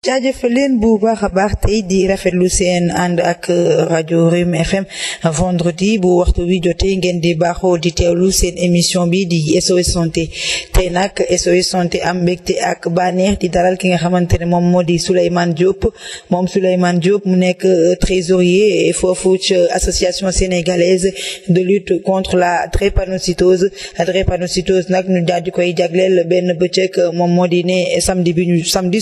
jaajëfal leen bu baax a baax tey di rafetlu seen ànd ak euh, rajo Rewmi FM vendredi bu waxtu wi jotee ngeen di baaxoo di teewlu seen émission bi di SOS santé tey nag SOS santé am mbégte ak bànneex di daral ki nga xamante ne moom moo di Souleymane Diop moom Souleymane Diop mu nekk euh, trésorier foofu ci association sénégalaise de lutte contre la drépanocytose drépanocytose nag ñu daal di koy jagleel benn bëccëg euh, moom moo di ne samedi bi ñu samedi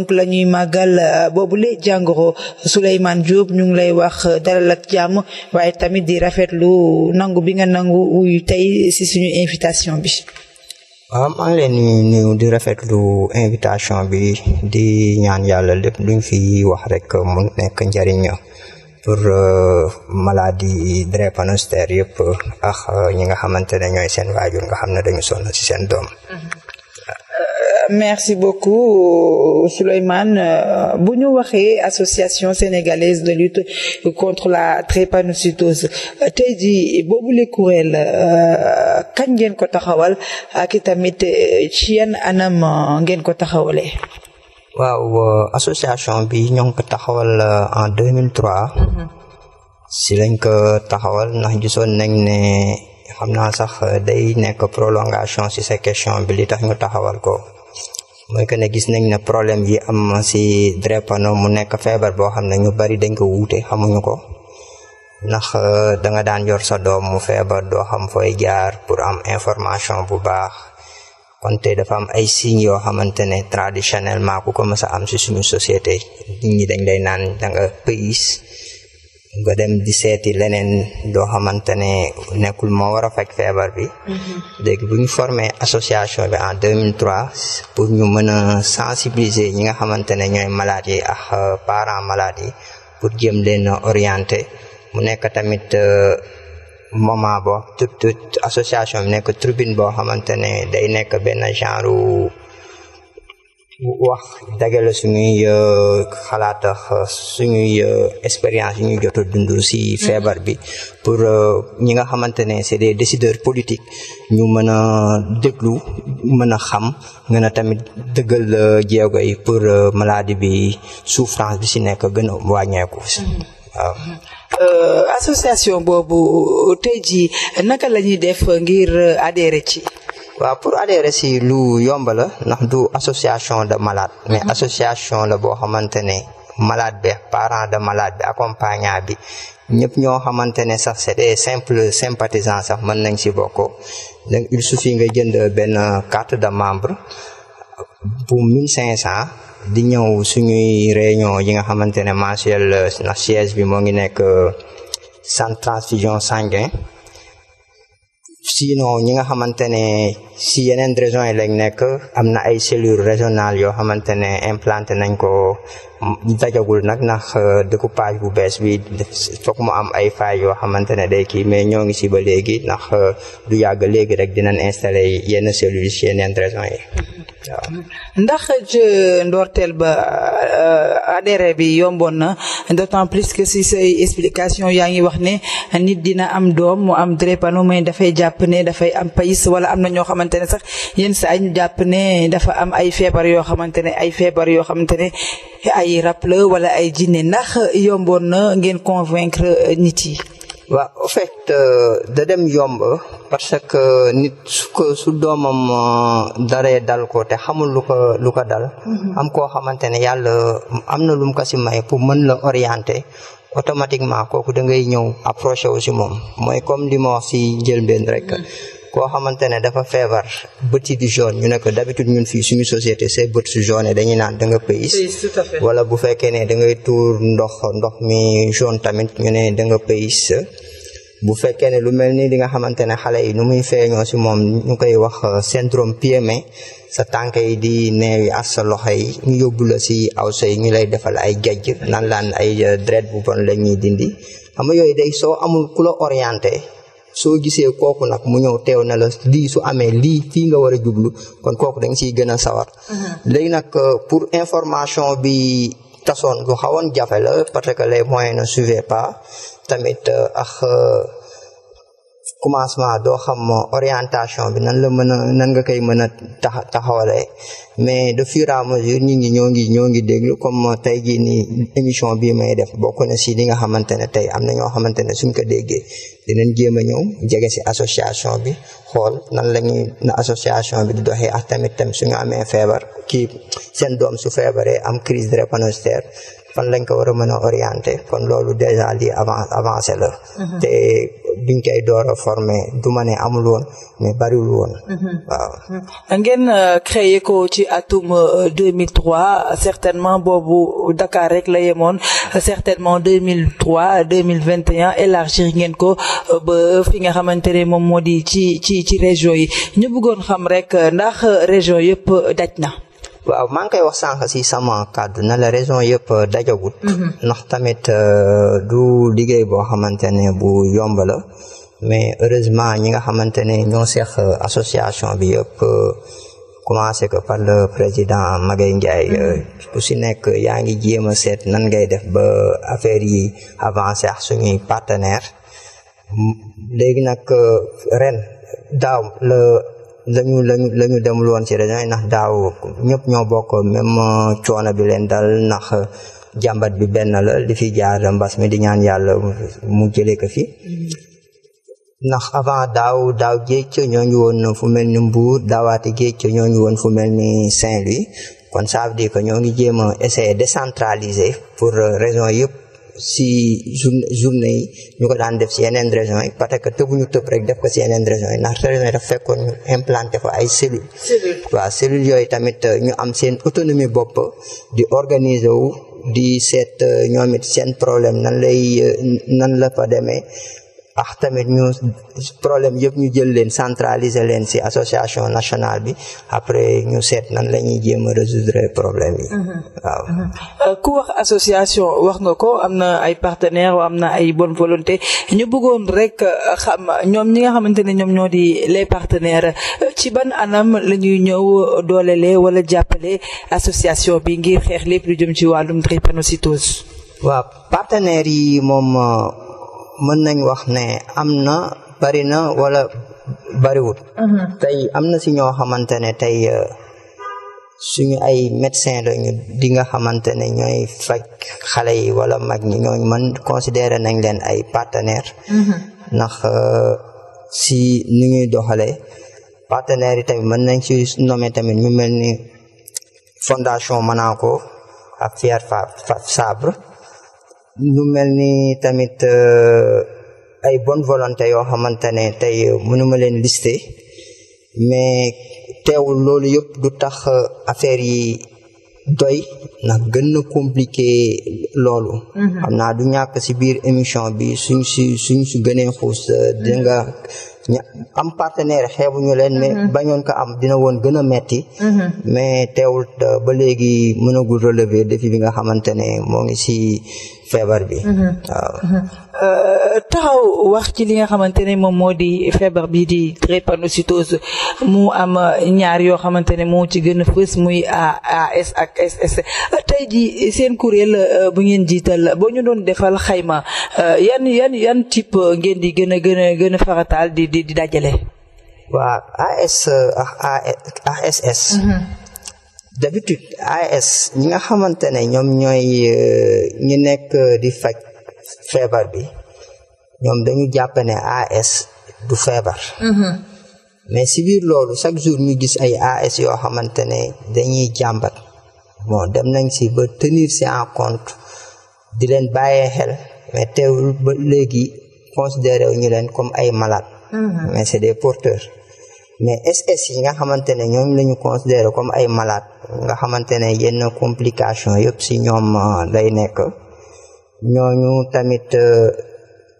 donc la ñuy màggal euh, boobule jàngoro Souleymane Diop ñu ngi lay wax euh, dalal ak jàmm waaye tamit di rafet lu nangu bi nga nangu wuyu tey si suñu invitation bi. waaw maa ngi leen di rafetlu invitation bi di ñaan yàlla lépp luñ fi wax rek mu nekk njëriñ pour euh, maladie drépanocytaire yëpp ak ñi nga xamante ne ñooy seen waajur nga xam na dañu sonn ci seen doom. Mhm. merci beaucoup Souleymane euh, bu ñu waxee association sénégalaise de lutte contre la drépanocytose tey jii boobule kuréel euh, kañ ngeen ko taxawal ak itamit euh, ci yan anam ngeen ko taxawalee. waaw association bi ñoo ngi ko taxawal en 2003. Mm-hmm. si lañ ko taxawal ndax gisoon nañ ne xam naa sax day nekk prolongation si sa question bi li tax ñu taxawal ko mooy que ne gis nañ ne problème yi am si drépano mu nekk feebar boo xam ne ñu bari dañ ko wuute xamuñu ko ndax euh, da nga daan jor sa doom mu feebar doo xam fooy jaar pour am information bu baax kon te dafa am ay signes yoo xamante ne traditionnellement ku ko mës a am si suñu société nit ñi dañ lay naan da nga nga dem di seeti leneen loo xamante ne nekkul moo war a faj feebar bi. Mhm. léegi bu formé association bi en 2003 pour ñu mën a sensibiliser ñi nga xamante ne ñooy malades yi ak euh, parents malades yi pour jëm leen orienté mu nekk tamit euh, moment bo tout tout association bi nekk tribune boo xamante ne day nekk benn genre. wax dagale suñuy euh, xalaat euh, suñuy euh, expérience yi ñu jot a dund si feebar bi pour ñi nga xamante ne c'est des décideurs politiques ñu mën a déglu mën a xam gën a tamit dëggal jéego yi pour maladie bi souffrance bi si nekk gën a wàññeeku waaw association boobu tey naka la ñuy def ngir adhérer ci waaw pour adhérer si lu yombala la ndax du association de malade mais mhm. association la boo xamante ne malade bi parent de malade bi accompagnant bi ñëpp ñoo xamante ne sax c'est des simples sympathisants sax mën nañ si bokk donc il nga jënd benn carte de membre pour mille cinq cent di ñëw suñuy réunion yi nga xamante ne mensuel na siège bi moo ngi nekk euh, centre transfusion sanguin sinon ñi nga xamante ne si yeneen régions yi lañ nekk am na ay cellules régionales yoo xamante ne implanté nañ ko dajagul nag ndax euh, découpage bu bees bi foog mu am ay failles yoo xamante ne day kii mais ñoo ngi si ba léegi ndax euh, du yàgg léegi rek dinañ installé yenn cellules si yeneen régions yi. Mm-hmm. ndax je ndorteel ba euh, adhéré bi yomboon na d'autant plus que si say explication yaa ngi wax ne nit dina am doom mu am drépano mais dafay jàpp ne dafay am payis wala am na ñoo xamante ne sax yenn saa ñu jàpp ne dafa am ay feebar yoo xamante ne ay feebar yoo xamante ne ay rab wala ay jinne ndax yomboon na ngeen convaincre nit yi. waaw en fait euh, da dem yomb parce que nit su ko su doomam euh, daree dal ko te xamul lu ko lu ko dal. Mhm. am koo xamante ne yàlla euh, am na lu mu ko si may pour mën la orienter. automatiquement kooku da ngay ñëw approché wu si moom mooy comme li ma wax si njëlbeen rek mhm. koo xamante ne dafa feebar bët yi di jaune ñu nekk ko ñun fii suñu société say bët su jaune dañuy naan danga nga wala bu fekkee ne da ngay tuur ndox ndox mi jaune tamit ñu ne da nga pays bu fekkee ne lu mel ni li nga xamante ne xale yi nu muy feeñoo si moom ñu koy wax euh, syndrome PMA sa tànk yi di neew yi ak sa loxo yi ñu yóbbu la si aw say ñu lay defal ay gajj nan laan ay euh, dret bu bon la ñuy dindi xam nga yooyu day soo amul ku la orienté soo gisee kooku nag mu ñëw teew na la lii su amee lii fii nga war a jublu kon kooku da nga siy gën a sawar uh-huh. léegi nag euh, pour information bi tasoon lu xawoon jafe la parce que les moyens na suivaient pas tamit euh, ak euh, commencement doo xam orientation bi nan la mën a nan nga koy mën a tax taxawalee mais de fur et à mesure nit ñi ñoo ngi ñoo ngi déglu comme tey jii nii émission bii may def bokk na si li nga xamante ne tey am na ñoo xamante ne suñ ko déggee dinañ jéem a ñëw jege si association bi xool nan lañu na association bi di doxee ak tamit tam suñu amee feebar kii seen doom su feebaree am crise drépanocytaire fan lañ ko war a mën a orienté kon loolu déjà lii avan avancé la mhm. te biñ koy door a formé du ma ne amul woon mais bariwul woon mhm. waaw mhm. ngeen euh, créé ko ci atum 2003 euh, certainement boobu Dakar rek la yemoon certainement 2003 2021 élargir ngeen ko euh, ba fi nga xamante ne moom moo di ci ci ci région yi ñu bëggoon xam rek ndax région yëpp daj na waaw maa ngi koy wax sànq si sama cadre na la raison yëpp dajagut mhm. ndax tamit euh, du liggéey boo xamante ne bu yomb la mais heureusement ñi nga xamante ne ñoo seq association bi yëpp euh, commencé ko par le président Magaye Ndiaye mhm. euh, ku si nekk yaa ngi jéem a seet nan ngay def ba affaire yi avancé ak suñuy partenaire léegi nag ren daaw le la lañu la ñu demul woon si région yi ndax daaw ñëpp ñoo bokk même euh, coono bi leen dal ndax euh, jàmbat bi benn la li fi jaar mbas mi di ñaan yàlla mu jëlee ko fi ndax avant daaw daaw géej ca ñoo ngi woon fu mel ni Mbour daawaati géej ca ñoo ngi woon fu mel ni Saint-Louis kon ça veut dire que ñoo ngi jéem a essayer décentraliser pour euh, raison yëpp si journée yi ñu ko daan def si yeneen régions yi parce que tëbuñu tëb rek def ko si yeneen régions yi ndax régions yi daf fekkoon ñu implanté fa ay cellules. waaw cellules yooyu tamit euh, ñu am seen autonomie bopp di organiser wu di seet euh, ñoom it seen problème nan lay euh, nan la fa demee ah tamit ñu problème yëpp ñu jël leen centraliser leen si association nationale bi après ñu seet nan la ñuy jéem a résoudre problème yi. Mhm. waaw mhm. Euh, ku wax association wax nga ko am na ay partenaires am na ay bon volonté ñu bëggoon rek euh, xam ñoom ñi nga xamante ne ñoom ñoo di les partenaires euh, ci ban anam la ñuy ñëw doolele wala jàppale association bi ngir xeex lépp lu jëm ci wàllum drépanocytose. waaw partenaires yi moom. mën nañ wax ne am na bari na wala bariwul. Uh-huh. tey am na si ñoo xamante ne tey euh, suñu ay médecin lañu di nga xamante ne ñooy faj xale yi wala mag ñi ñooñu man considéré nañ leen ay partenaire uh-huh. ndax si euh, ni ñuy doxalee partenaires yi tamit mën nañ si nommé tamit ñu mel ni fondation Manako ak Pierre Fabre. lu mel ni tamit euh, ay bonne volonté yoo xamante ne tey mënuma leen lister mais teewul loolu yëpp du tax euh, affaire yi doy ndax gën na compliqué loolu mm-hmm. xam naa du ñàkk si biir émission bi suñ si suñ si gënee xuus euh, mm-hmm. di nga am partenaire xeebuñu leen mais mm-hmm. bañoon ko am dina woon gën a metti mais teewul euh, ba léegi mënagul relever défi bi nga xamante ne moo ngi si feebar bi waaw Euh, taxaw wax ci li nga xamante ne moom moo di feebar bii di drépanocytose mu am ñaar yoo xamante ne moo ci gën a fës muy AAS ak SS tey ji seen kuréel euh, bu ngeen jiital boo ñu doon defal xayma euh, yan yan yan type ngeen di gën a gën a gën a farataal di di di dajale. waaw AS ak SS. Mm-hmm. d'habitude AS ñi nga xamante ne ñoom ñooy ñi nekk di faj. feebar bi ñoom dañu jàpp ne AS du feebar mm-hmm. mais si loolu chaque jour ñu gis ay AS yoo xamante ne dañuy jàmbat bon dem nañ si ba tenir si en compte di leen bàyyee xel mais teewul ba léegi considéré wu leen comme ay malade mm-hmm. mais c'est des porteurs mais SS yi nga xamante ne ñoom lañu ñu comme ay malade nga xamante ne yenn complication yëpp si ñoom euh, lay nekk ñooñu tamit euh,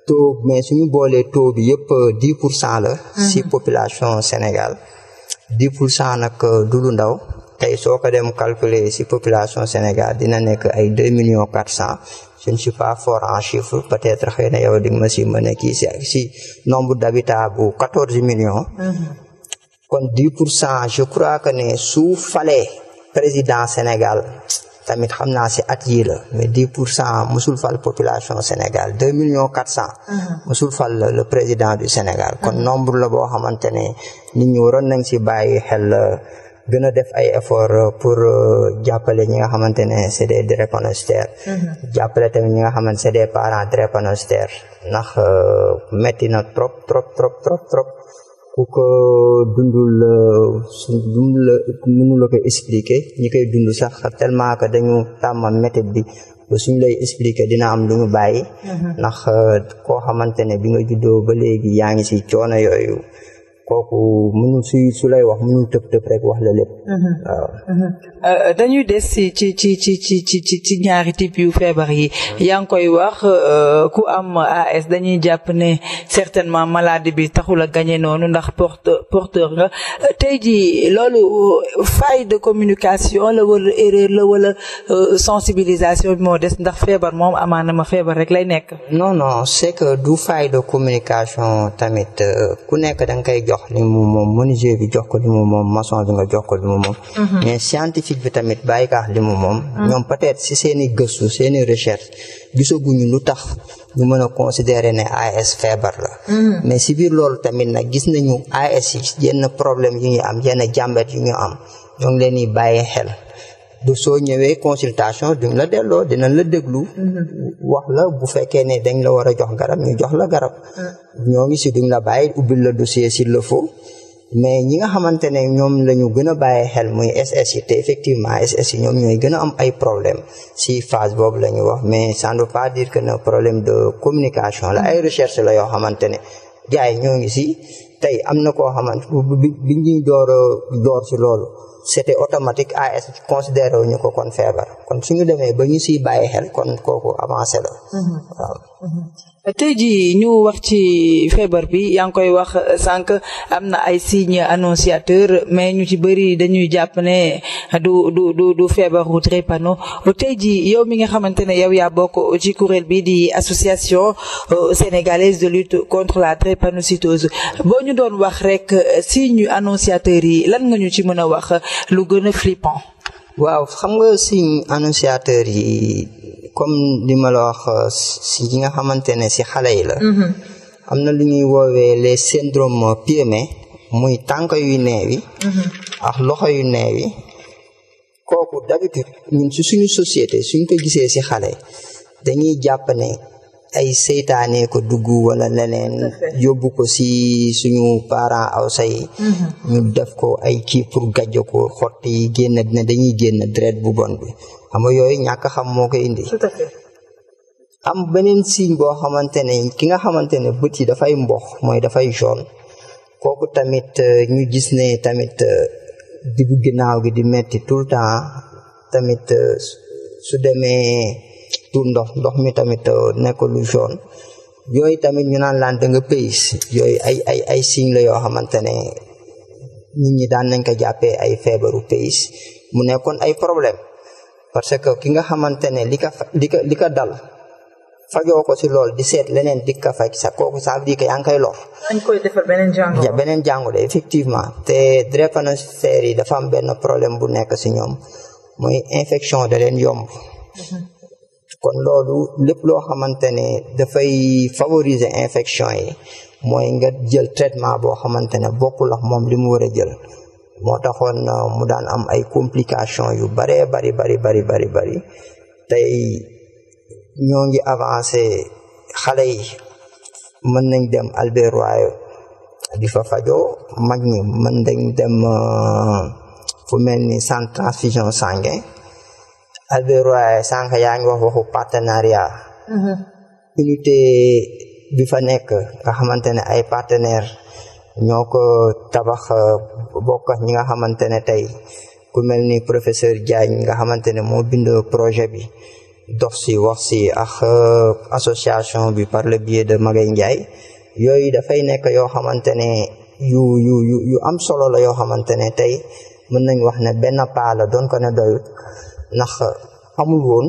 taux mais suñu boolee taux bi yëpp euh, dix pour cent la. si ah. population Sénégal dix pour cent nag euh, du lu ndaw. tey soo ko dem calculer ci population Sénégal dina nekk ay deux millions quatre cent je ne suis pas fort en chiffre peut-être xëy na yow di nga ma ci mën nombre d'habitants bu millions. Ah. kon dix pour cent je crois que ne su falee président Sénégal. tamit xam naa si at yii la mais dix pour cent musul fal population Sénégal deux uh-huh. le président du Sénégal kon uh-huh. nombre la boo xamante ne nit ñi waroon nañ si bàyyi xel euh, gën a def ay effort euh, pour euh, jàppale ñi nga xamante ne c'est des drépanocytaires uh-huh. jàppale tamit ñi nga xamante c'est des parents drépanocytaires na trop trop trop trop ku ko dundul euh, su dundul mënula ko expliquer ñi koy dund sax tellement que dañu tàmm méthode bi ba lay expliquer dina am lu ñu bàyyi mm-hmm. ndax euh, koo xamante ne bi nga juddoo ba léegi yaa ngi ci yooyu kooku mënul si su lay wax mënul tëb tëb rek wax la lépp. Mhm. Mhm. Euh, euh, dañuy des ci ci ci ci ci ci ci ñaari type yu feebar yi. yaa ngi koy wax euh, ku am AS dañuy jàpp ne certainement maladi bi taxul a gagné noonu ndax porte porteur nga tey jii loolu faille de communication la wala la wala sensibilisation bi moo des ndax feebar moom amaana ma feebar rek lay nekk. non non c'est que du faille de communication tamit ku nekk da jox. jox li mu moom menuisier bi jox ko li mu moom maçon bi nga jox ko li mu moom mhm. mais scientifique bi tamit bàyyi kaax li mu moom mhm. ñoom peut-être si seeni gëstu seeni recherche gisaguñu lu tax ñu mën a considérer ne AS feebar la mhm. mais si biir loolu tamit nag gis nañu AS yi yenn problème yu ñu am yenn jàmbat yu ñu am ñoo ngi leen di du soo ñëwee consultation duñ la delloo dinañ la déglu wax la bu fekkee ne dañ la war a jox garab ñu jox la garab ñoo ngi si duñ la bàyyi ubbil la dossier s'il le faut mais ñi nga xamante ne ñoom la ñu gën a bàyyi xel muy SS yi te effectivement SS yi ñoom ñooy gën a am ay problème si phase boobu la ñu wax mais ça ne veut pas dire que ne problème de communication la ay recherche la yoo xamante ne ñoo ngi si tey am na koo xamante bi bi ñuy door door si loolu c'était automatique AS considéré wu ñu ko kon feebar kon suñu demee ba ñu si bàyyi xel kon kooku avancé la mm-hmm. tey jii ñu wax ci feebar bi yaa ngi koy wax sànq am na ay signes annonciateurs mais ñu ci bëri dañuy jàpp ne du du du du feebaru drépano tey jii yow mi nga xamante ne yow yaa bokk ci kuréel bi di association euh, sénégalaise de lutte contre la drépanocytose boo ñu doon wax rek signes annonciateurs yi lan nga ñu ci mën a wax lu gën a flippant. waaw xam nga si annonciateur yi comme li ma la wax si yi nga xamante ne si xale yi la. Mm-hmm. am na lu ñuy woowee les syndromes PME muy tànk yu neewi mm-hmm. ak loxo yu neewi kooku d'habitude ñun si suñu société suñ ko gisee si xale dañuy jàpp ay seytaane ko dugg wala leneen yóbbu ko si suñu parents aw say mm-hmm. ñu def ko ay kii pour gàjjo ko xott yi génn ne dañuy génn deret bu bon bi xam nga yooyu ñàkk xam moo koy indi am beneen signe boo xamante ne ki nga xamante ne bët yi dafay mbox mooy dafay jaune kooku tamit euh, ñu gis ne tamit euh, diggu ginnaaw gi di metti tout le temps tamit euh, su demee tuur ndox ndox mi tamit euh, nekk lu yooyu tamit ñu naan laan da nga pays yooyu ay ay ay signe la yoo xamante ne nit ñi daan nañ ko jàppee ay feebaru pays mu nekkoon ay problème parce que ki nga xamante ne li ka li ka li ka dal fajoo ko si lool di seet leneen di ka faj sa kooku ça veut dire que yaa ngi koy lor. dañ koy yi dafa am benn problème bu nekk si ñoom mooy infection da leen yomb. Mhm. kon loolu lépp loo xamante ne dafay favoriser infection yi mooy nga jël traitement boo xamante ne bokkul ak moom li mu war a jël moo taxoon euh, mu daan am ay complications yu baree bari bari bari bari bari tey ñoo ngi avancé xale yi mën nañ dem Albert Royer di fa fajoo mag ñi mën nañ dem euh, fu mel ni centre transfusion sange Albert Royer sànq yaa ngi wax waxu partenariat. Mm-hmm. unité bi fa nekk nga xamante ne ay partenaires ñoo ko tabax bokk ñi nga xamante ne tey ku mel ni professeur Diagne nga xamante ne moo bind projet bi dox si wax si ak euh, association bi par le biais de Magaye Ndiaye yooyu dafay nekk yoo xamante ne yu yu yu am solo la yoo xamante ne tey mën nañ wax ne benn pas la doon ko ne ndax amul woon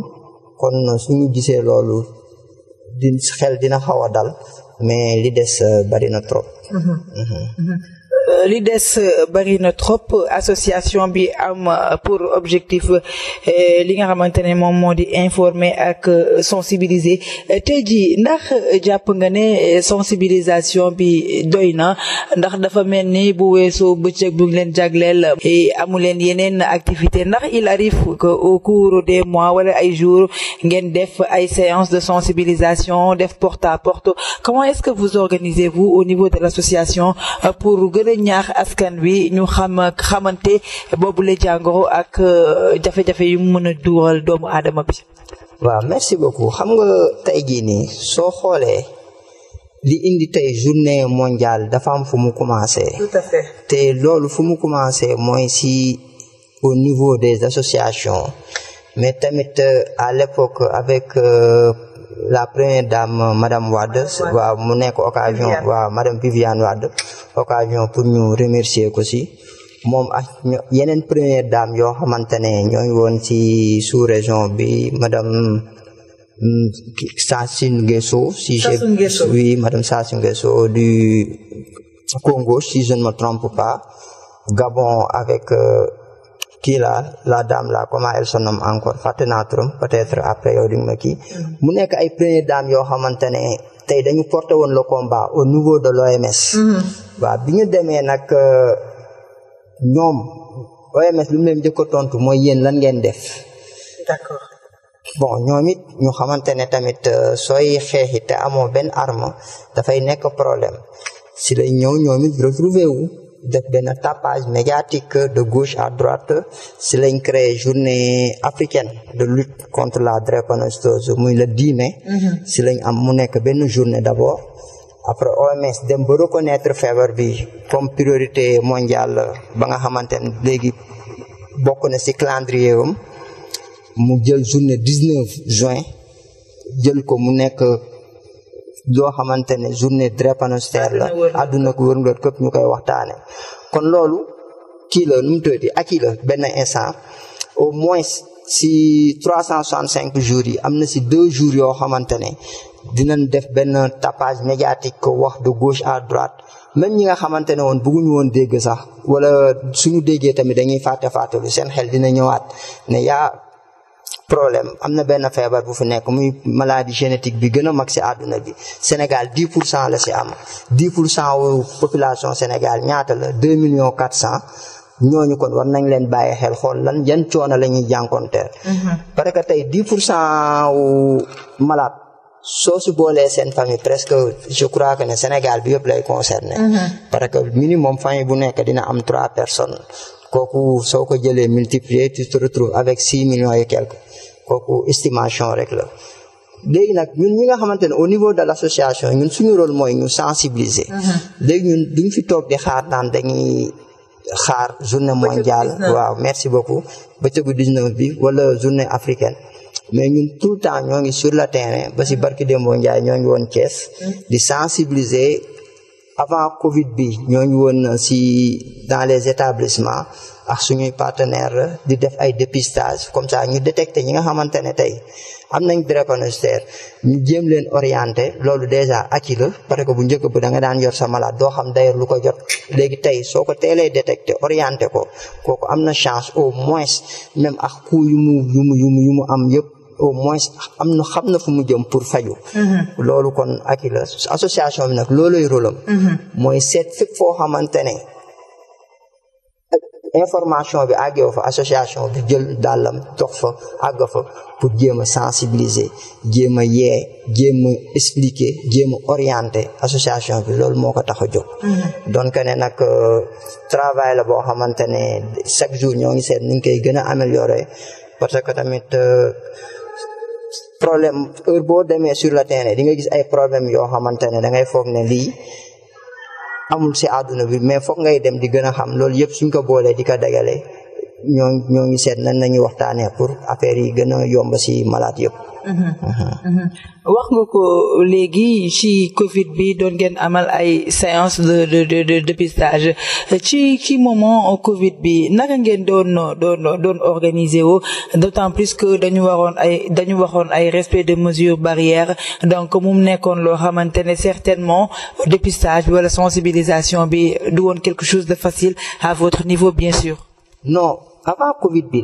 kon suñu gisee loolu di xel dina xaw a dal mais li des euh, bari na trop. Mm-hmm. Mm-hmm. Mm-hmm. li des euh, bari na trop association bi am euh, pour objectif euh, li nga xamante ne moom moo di informer ak sensibiliser tey jii ndax jàpp nga ne sensibilisation bi doy na ndax dafa mel ni bu weesoo bëccëg bu ngi leen jagleel amu leen yeneen activité ndax il arrive que au cours des mois wala ay jours ngeen def ay séance de sensibilisation def porte à porte comment est-ce que vous organisez-vous au niveau de l'association pour gën ñaax askan wi ñu xam xamante boobu la jàngoro ak euh, jafe-jafe yu mu mën a duural doomu aadama bi. waaw merci beaucoup xam nga tey jii nii soo xoolee li indi tey journée mondiale dafa am fu mu commencé. te loolu fu mu commencé mooy si au niveau des association mais tamit euh, l'époque avec. Euh, la première dame madame Wade waaw mu nekk occasion waaw madame Viviane Wade occasion pour ñu remercier ko si moom ak yeneen première dame yoo xamante ne ñooy woon si sous région bi madame hmm, Sassou Nguesso si j'ai oui madame du Congo si je ne trompe pas Gabon avec euh, kii laa la dame la comment elle se nomme encore fàtte naa turam peut-être après yow di nga ma kii mm-hmm. mu nekk ay première dame yoo xamante ne tey dañu porté woon le ba au niveau de l'OMS mm-hmm. waaw bi ñu demee nag euh, ñoom OMS lu mu leen njëkk a tontu mooy yéen lan ngeen def d'accord bon ñoom it ñu xamante ne tamit euh, sooy xeexi te amoo benn arme dafay nekk problème si lay ñëw ñoom it def benn tapage médiatique de gauche à droite si lañ créé journée africaine de lutte contre la drépanocytose muy le 10 mai. Mhm. si lañ am mu nekk benn journée d'abord après OMS dem ba reconnaître feebar bi comme priorité mondiale ba nga xamante ne léegi bokk na ci calendrier am mu jël journée 19 juin jël ko mu nekk. joo xamante ne journée drépanocytaire la àdduna ko wërngal képp ñu koy waxtaane kon loolu kii la nu mu tëddi ak la benn instant au moins si trois cent soixante cinq jours yi am na si deux jours yoo xamante ne dinañ def benn tapage médiatique ko wax de gauche à droite même ñi nga xamante ne woon bëgguñu woon dégg sax wala suñu déggee tamit dañuy fàtte fàttelu seen xel dina ñëwaat ne yaa problème am na benn feebar bu fi nekk muy maladie génétique bi gën a mag si àdduna bi Sénégal 10 pour cent la si am 10 pour cent wu population Sénégal ñaata la 2 millions 400 ñooñu kon war nañ leen bàyyi xel xool lan yan coono la ñuy jànkonteel. Mhm. parce que tey 10 pour cent wu malade soo si boolee seen famille presque je crois que ne Sénégal bi yëpp lay concerné. Mhm. parce que minimum famille bu nekk dina am trois personnes kooku soo ko jëlee multiplier tu kooku estimation rek la léegi nag ñun ñi nga xamante ne au niveau de l' association ñun suñu rôle mooy ñu sensibiliser. Mhm. léegi ñun duñ fi toog di xaar naan dañuy xaar journée mondiale. waaw merci beaucoup bëccëgu 19 bi wala journée africaine. mais ñun tout le temps ñoo ngi sur le terrain ba si barki Dembo Ndiaye ñoo ngi woon Thiès. Mhm. di sensibiliser avant Covid bi ñoo woon si dans les établissements. ak suñuy partenaire di def ay dépistage comme ça ñu détecté ñi nga xamante ne tey am nañ drépanocytaire ñu jéem leen orienté loolu déjà acquis la parce que bu njëkk bu da nga daan yor sa malade doo xam d'ailleurs lu ko jot léegi tey soo ko teelee détecté orienté ko kooku am na chance au moins même ak coût yu mu yu mu yu mu am yëpp au moins am na xam na fu mu jëm pour faju mm-hmm. loolu kon acquis association bi nag looloy rôlam mm-hmm. mooy seet fépp foo xamante ne information bi àggew fa association bi jël dàllam dox fa àgg fa pour jéem a sensibiliser jéem a yee jéem a expliquer jéem a association bi loolu moo ko tax a jóg mm-hmm. donc ne nag euh, la boo xamante ne chaque jour ñoo ngi seet nu ngi koy gën a améliorer parce que tamit euh, problème boo demee sur le terrain di nga gis ay problème yoo xamante ne da foog ne lii amul si àdduna bi mais foog ngay dem di gën a xam loolu yëpp suñ ko boolee di ko dagale ñoo ñoo ngi seet nañ nañu waxtaanee pour affaire yi gën a yomb si malaat yëpp wax nga ko léegi ci Covid bi doon ngeen amal ay séance de de de de dépistage ci ci moment Covid bi naka ngeen doon doon doon organiser wu d'autant plus que dañu waroon ay dañu waxoon ay respect de mesures barrières donc mu nekkoon loo xamante ne certainement dépistage wala sensibilisation bi du woon quelque chose de facile à votre niveau bien sûr. non. avant Covid bi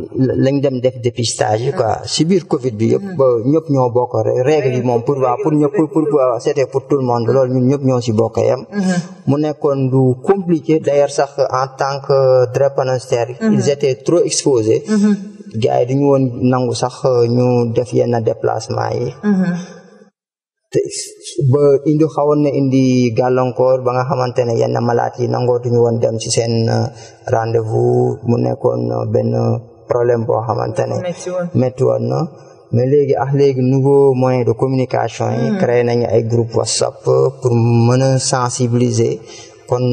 lañ dem def dépistage yi quoi si biir Covid bi yëpp ba ñëpp ñoo bokk règle yi moom pour waa pour ñëpp pour pour c'était pour tout le monde loolu ñun ñëpp ñoo si bokk yem. Mm-hmm. mu nekkoon lu compliqué d'ailleurs sax en tant que drépanocytaires euh, mm-hmm. ils étaient trop exposés. Mm-hmm. gars yi du ñu woon nangu sax euh, ñu def yenn déplacement yi. te ba indi xawoon na indi gàllankoor ba nga xamante ne yenn malaat yi nangootuñu woon dem ci seen euh, rendez-vous mu nekkoon euh, benn problème boo xamante ne métti woon na mais léegi ah léegi nouveau moyen de communication yi hmm. nañu ay groupe WhatsApp pour mën a sensibiliser kon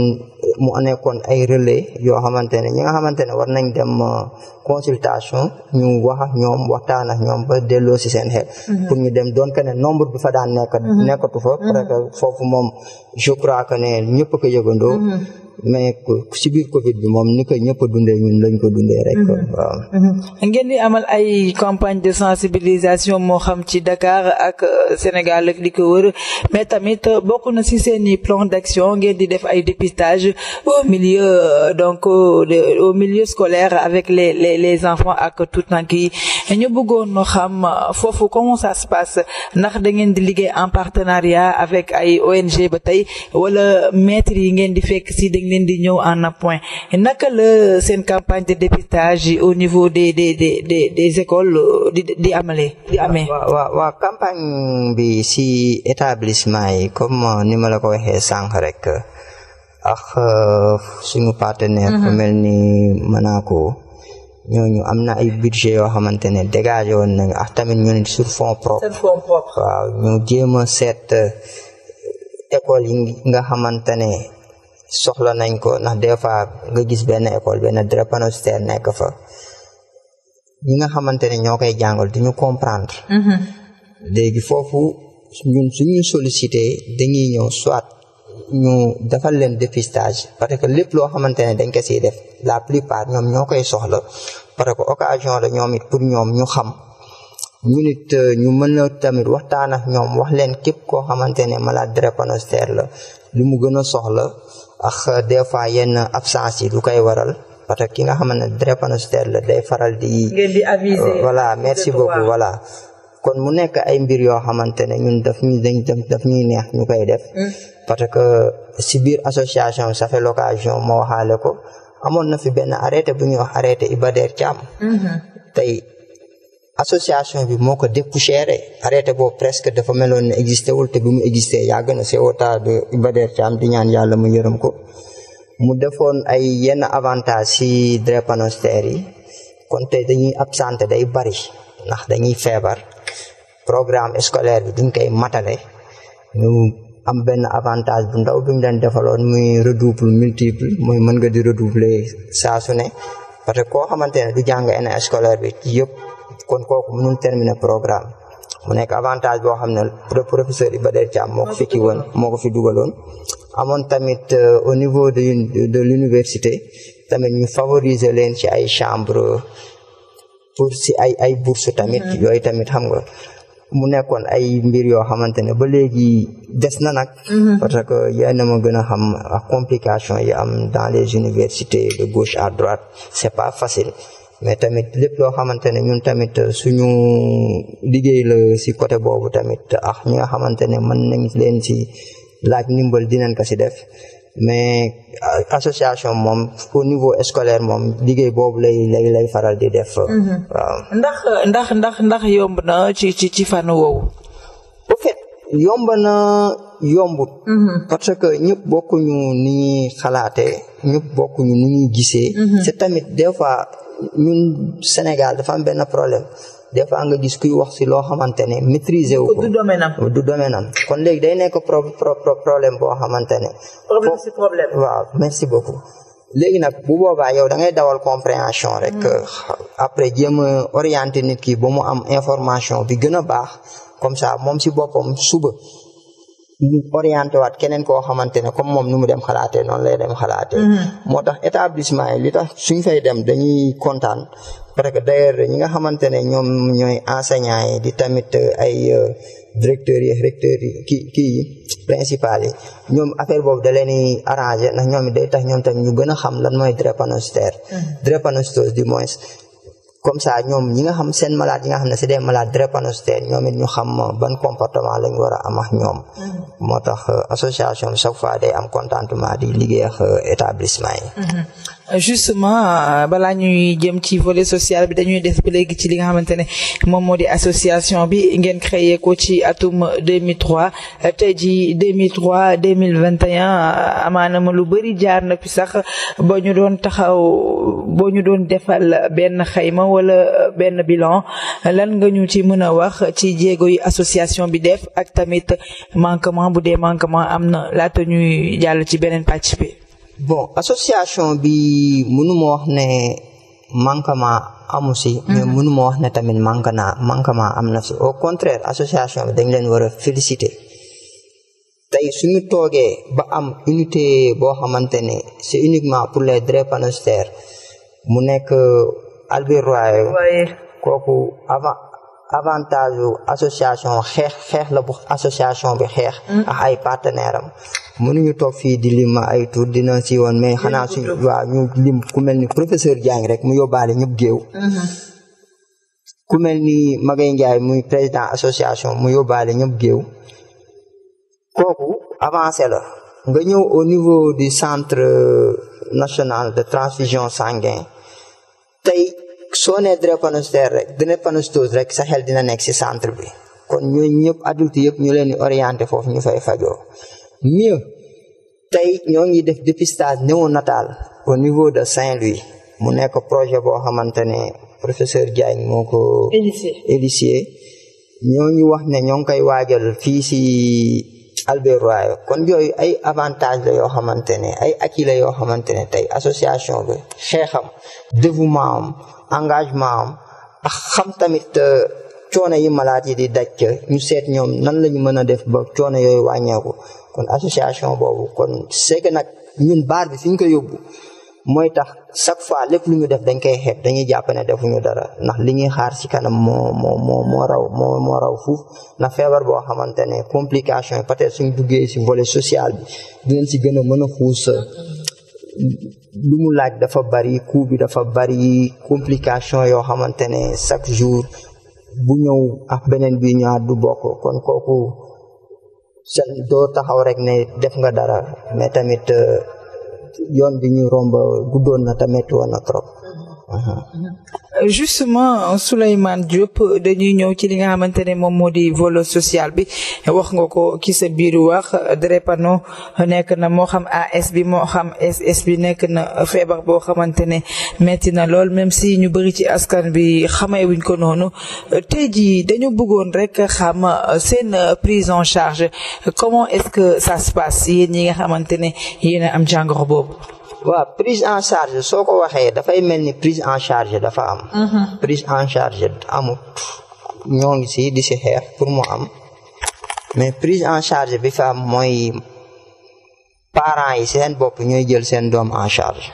mu nekkoon ay relais yoo xamante ne ñi nga xamante ne war nañ dem euh, consultation ñu wax ak ñoom waxtaan ak ñoom ba delloo si seen mhm. pour ñu dem doon que nombre bi fa daan nekk. Mhm. nekkatu fa. Mhm. parce moom je crois que ne ñëpp ko yëgandoo. mais ci biir Covid bi moom ni ko ñëpp a dundee ñun lañ ko dundee rek. Mhm. waaw. Mhm. ngeen di amal ay campagne de sensibilisation moo xam ci dakaar ak euh, Sénégal ak ko wër mais tamit euh, bokk na si seen i plan d'action ngeen di def ay dépistage au milieu euh, donc au milieu scolaire avec les les les enfants ak tout temps yi ñu bëggoon xam foofu comment ça se ndax da ngeen di liggéey en partenariat avec ay ONG ba tey wala maîtres yi ngeen di fekk ci. ngeen di ñëw en appoint naka la seen campagne de dépistage au niveau des des des des des écoles euh, di di amalee wa amee. waaw waaw bi si établissement yi comme euh, ni ma la ko waxee sànq rek ak euh, suñu partenaire. fu mhm. mel ni Monaco. ñooñu am na ay budget yoo xamante ne dégagé woon nañ ak tamit ñu ne sur fond propre. sur seet école yi nga xamante ne soxla nañ ko ndax des fois nga gis benn école benn drépanocytaire nekk fa ñi nga xamante ne ñoo koy jàngal duñu comprendre mm-hmm. léegi foofu ñun suñu solicité dañuy ñëw soit ñu defal leen dépistage parce que loo xamante ne dañ ko siy def la plupart ñoom ñoo koy soxla parce que occasion la ñoom it pour ñoom ñu xam ñu nit ñu mën a tamit waxtaan ak ñoom wax leen képp koo xamante ne malade drépanocytaire la lu mu gën a soxla ak des fois yenn absence yi lu koy waral parce que ki nga xam ne drépanocytaire la day faral di. ngeen euh, voilà merci beaucoup voilà. kon mu nekk ay mbir yoo xamante ne ñun daf ñuy dañ daf ñuy neex ñu koy def. Hmm. parce que si biir association ça fait l'occasion moo waxaale ko amoon na fi benn arrêté bu ñuy wax arrêté Iba Der Thiam. Hmm. tey association bi moo ko dépoussiéré arrêté boobu presque dafa meloon ne existé wul te bi mu existé yàgg na c'est au temps de Iba Der di ñaan yàlla mu yërëm ko mu defoon ay yenn avantage si drépanocytaires yi kon tey dañuy absenté day bari ndax dañuy feebar programme scolaire bi duñ koy matale ñu am benn avantage bu ndaw bi ñu defaloon muy redouble multiple mooy mën nga di redoubler saa su ne parce que koo xamante ne du jàng année scolaire bi yëpp. kon kooku mënul terminer programme mu nekk avantage boo xam ne professeur Iba Der Thiam moo ko fi kii woon moo ko fi dugaloon amoon tamit euh, au niveau de de l'université tamit ñu favoriser leen ci ay chambre pour si ay ay bourse tamit mm-hmm. yooyu tamit xam nga mu nekkoon ay mbir yoo xamante ne ba léegi des na nag mm-hmm. parce que yéen a ma gën a xam ak complication yi am dans les universités de gauche à droite c'est pas facile mais tamit lépp loo xamante ne ñun tamit euh, suñu liggéey la si côté boobu tamit ah ñi nga xamante ne mën nañ leen si laaj ndimbal dinañ ko si def mais euh, association moom au niveau scolaire moom liggéey boobu lay lay lay faral di def. Mhm. waaw ndax ndax ndax yomb na ci ci ci fànn woowu. au yomb na yomb mhm. parce que ñëpp bokkuñu ni ñuy xalaatee ñëpp bokkuñu ni ñuy gisee. Mhm. c'est tamit des ñun Sénégal dafa am benn problème des fois nga gis kuy wax si loo xamante ne maîtriser wu ko. du domaine am kon léegi day nekk pro pro problème boo xamante ne. problème si problème. waaw merci beaucoup. léegi nag bu boobaa yow da ngay dawal compréhension rek hmm. euh, après jéem a orienté nit ki ba mu am information bi gën a baax comme ça moom si boppam suba. ñu orienté waat keneen koo xamante ne comme moom nu mu dem xalaatee noonu lay dem xalaatee. Mm-hmm. moo tax établissement yi li tax suñ fay dem dañuy kontaan parce que d'ailleurs ñi nga xamante ne ñoom ñooy enseignants yi di tamit euh, ay euh, directeurs yi recteurs yi kii kii principal yi ñoom affaire boobu da leen arrangé ndax ñoom day tax ñoom tamit ñu gën a xam lan mooy drépanocytaire mm-hmm. drépanocytose du moins comme ça ñoom ñi nga xam seen malade yi na xam ne c'est des malades drépanocytaires ñoom it ñu xam euh, ban comportement lañ war a am ak ñoom. Mm-hmm. moo tax euh, association bi chaque day am contentement di liggéey ak euh, établissement yi. Mm-hmm. justement euh, balaa ñuy jëm ci volet sociale bi dañuy des ba léegi ci li nga xamante ne moom moo di association bi ngeen créé ko ci atum 2003 euh, tey ji 2003 2021 euh, amaana ma lu bëri jaar na fi sax ba ñu doon taxaw boo ñu doon defal benn xayma wala benn bilan lan nga ñu ci mën a wax ci jéego yi association bi def ak tamit manquement bu dee manquement am na laata ñuy jàll ci beneen pàcc bi. bon association bi mënuma wax ne manquement amu si. mais mhm. mënuma wax ne tamit manque naa manquement am na si au contraire association bi dañ leen war a féliciter tey suñu toogee ba am unité boo xamante ne c'est uniquement pour les drépanocytaires mu nekk Albert Royer kooku avant avantage association xeex xeex la bu association bi xeex hmm. ak ay partenaire am mënuñu toog fii di lim ay tur dina si woon mais xanaa si waaw ñu lim ku mel ni professeur Diagne rek mu yóbbaale ñëpp géew hmm. ku mel ni Magay Ndiaye muy président association mu yóbbaale ñëpp géew kooku avancé la nga ñëw au niveau du centre euh, national de transfusion sanguin tey soo nee dina panus terre rek dina panus tous rek sa dina nekk si centre bi kon ñoo ñëpp adulte yëpp ñu leen di orienté foofu ñu fay fajo mieux tey ñoo ngi def dépistage néonatal au niveau de Saint-Louis mu nekk projet boo xamante ne professeur Diagne moo ko initié ñoo ngi wax ne ñoo ngi koy waajal fii si Albert kon yooyu ay avantage la yoo xamante ne ay acquis la yoo xamante ne tey association bi xeexam dévouement am engagement am ak xam tamit euh, coono yi malade yi di daj ñu seet ñoom nan la ñu mën a def ba coono yooyu wàññeeku kon association boobu kon c'est nag ñun baar bi suñ ko yóbbu mooy tax chaque fois lépp lu ñu def dañ koy dañuy jàpp ne defuñu dara ndax li ñuy xaar si kanam moo moo moo moo raw moo moo raw fuuf ndax feebar boo xamante ne complication yi suñ duggee si volet social bi dinañ ci gën a a xuus euh, lu laaj dafa bari coût bi dafa bari complication yoo xamante ne chaque jour bu ñëw a beneen bi ñëwaat du bokk kon kooku seen doo taxaw rek ne def nga dara mais tamit euh, yoon bi ñu romb guddoon na tamit woon na trop Euh, justement Souleymane Diop dañuy ñëw ci li nga xamante ne moom moo di volo sociale bi wax nga ko ci sa biir wax drépano nekk na moo xam a AS bi moo xam es bi nekk na feebar boo xamante ne metti na lool même si ñu bëri ci askan bi xamee wuñ ko noonu te jii dañu buggoon rek xam seen prise en charge comment est-ce que sa space passe ñi nga xamante ne yéen a am jàngoro boobu. waaw prise en charge soo ko waxee dafay mel ni prise en charge dafa am. Mhm. prise en charge amut ñoo ngi si di si xeex pour mu am mais prise en charge bi fa mooy parents yi seen bopp ñooy jël seen doom en charge